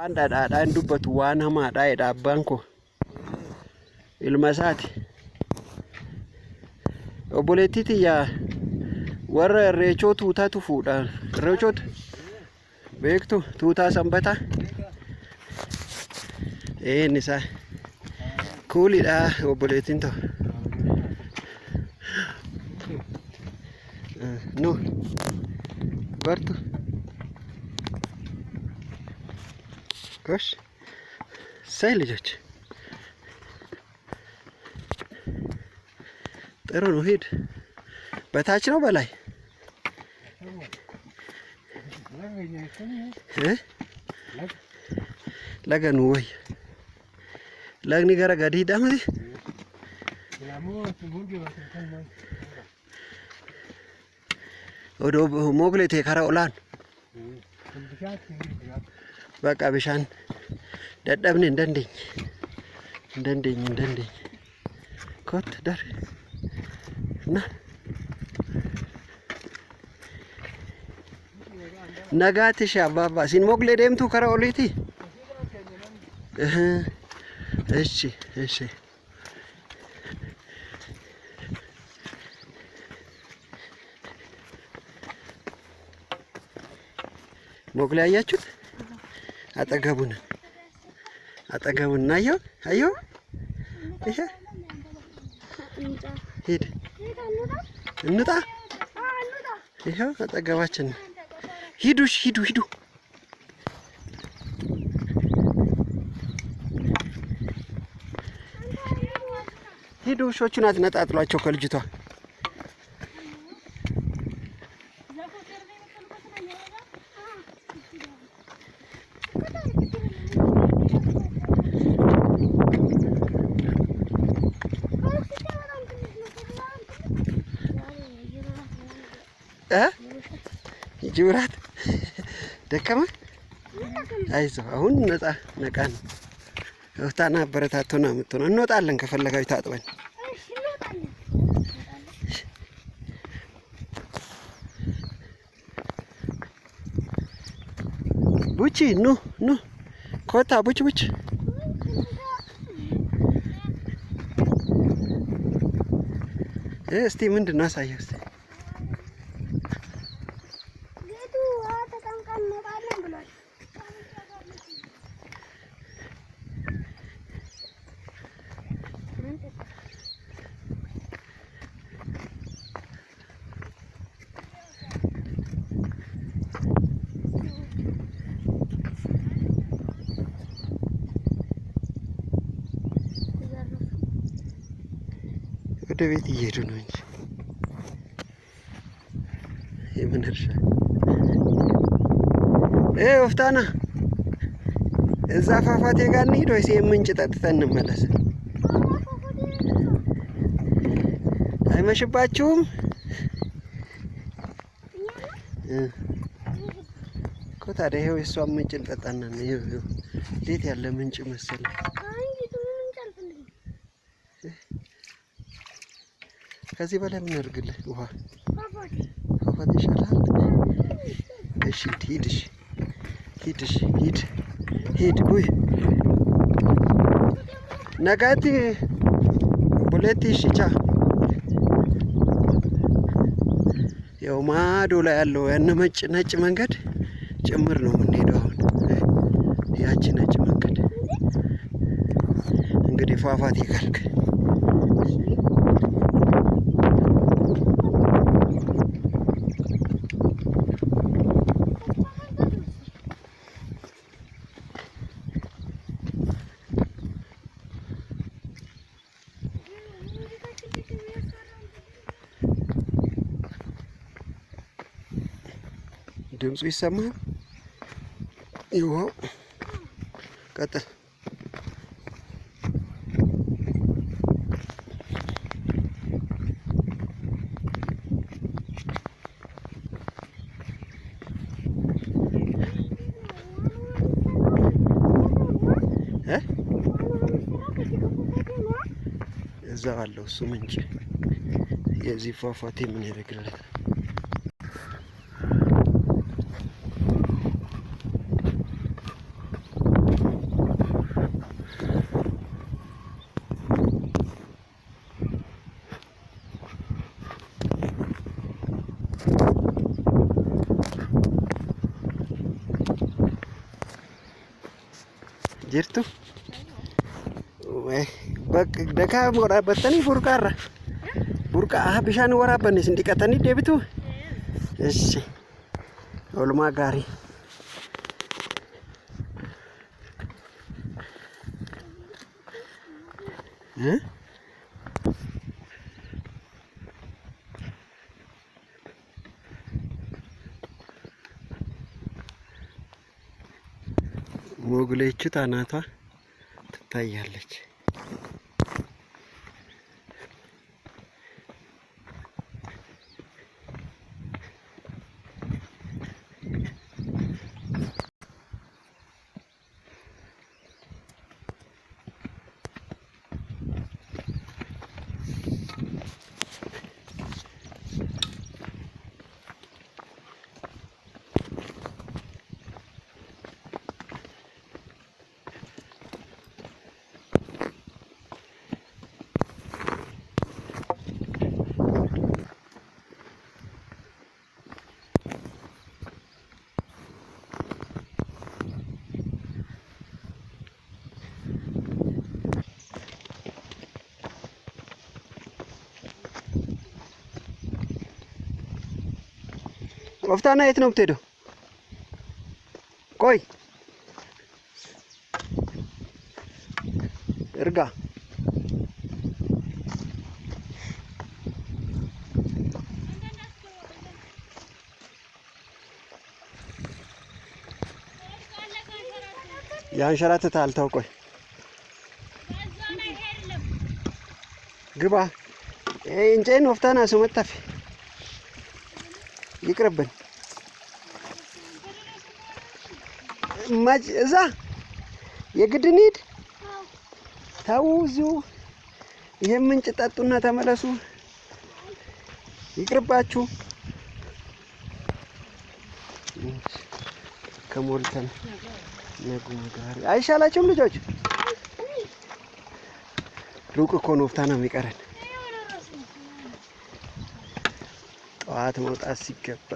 Waan dhadhaadhaan dubbatu waan hamaadha abbaan koo ilma isaati. Obboleettii xiyyaa warra irreechoo tuutaa tufuudhaan irreechoota beektu tuutaa sanbataa een isaa kuulidha obboleettiin ta'u. Nu bartu. እሺ ሳይ ልጆች ጥሩ ነው። ሂድ። በታች ነው በላይ ለገኑ ወይ ለግኒ ገረ ገዲ ወደ ሞግሌቴ ከረ በቃ ብሻን ደደብኔ እንደንደኝ እንደንደኝ እንደንደኝ ኮት ደር እና ነጋትሽ አባባ ሲን ሞግሌ ደምቱ ከረኦሊቲ እሺ እሺ ሞግሌ አያችሁት አጠገቡን አጠገቡና አየው አየው ይሄ ሂድ እንጣ ይሄው አጠገባችን ሂዱ ሂዱ ሂዱ ሂዱ ውሾቹን አትነጣጥሏቸው ከልጅቷ ጅብራት ደከመ። አይዞ አሁን ነጻ ነቃ ነው። እህታና አበረታቶና የምትሆነ እንወጣለን። ከፈለጋዊ ታጥበን ቡቺ ኑ ኑ ኮታ ቡች ቡች እስቲ ምንድን ነው አሳየው ወደ ቤት እየሄዱ ነው እንጂ የምን እርሻ ወፍታና እዛ ፏፏቴ ጋር እንሂድ ወይስ የምንጭ ጠጥተን እንመለስ? አይመሽባችሁም? እኮ ታዲያ ይኸው የእሷን ምንጭ እንጠጣና እንዴት ያለ ምንጭ መሰለህ። ከዚህ በላይ ምን አድርግልህ? ውሃ ፏፏቴ ይሻላል። እሺ ሂድ፣ እሺ ሂድ፣ እሺ ሂድ፣ ሂድ። ውይ ነጋቲ ቦሌቲ ሽቻ ያው ማዶ ላይ ያለው ያን መጭ ነጭ መንገድ ጭምር ነው የምንሄደው። አሁን ያቺ ነጭ መንገድ እንግዲህ ፏፏቴ ካልክ ድምፁ ይሰማል። ይኸው ቀጥል። እዛ አለው እሱ ምንጭ የዚህ ፏፏቴ ምን ያደርግለታል? jirtu. Bakka waraabbattanii burqaarra. Burqaa bishaan waraabbannes dhiqatanii deebitu. Eessi. Oolmaa gaarii. Huh? ጉግሌች አናቷ ትታያለች። ወፍታና የት ነው የምትሄደው? ቆይ እርጋ። ያንሸራትታል። ተው ቆይ ግባ። እንጨን ወፍታና ሰው ይቅርብን። እዛ የግድ እንሂድ። ተው እዚሁ ይሄ ምንጭ ጠጡና ተመለሱ። ይቅርባችሁ። ከሞልተን ነጉም ጋር አይሻላችሁም ልጆች? ሩቅ እኮ ነው። ፍታና የሚቀረን ጠዋት መውጣት ሲገባ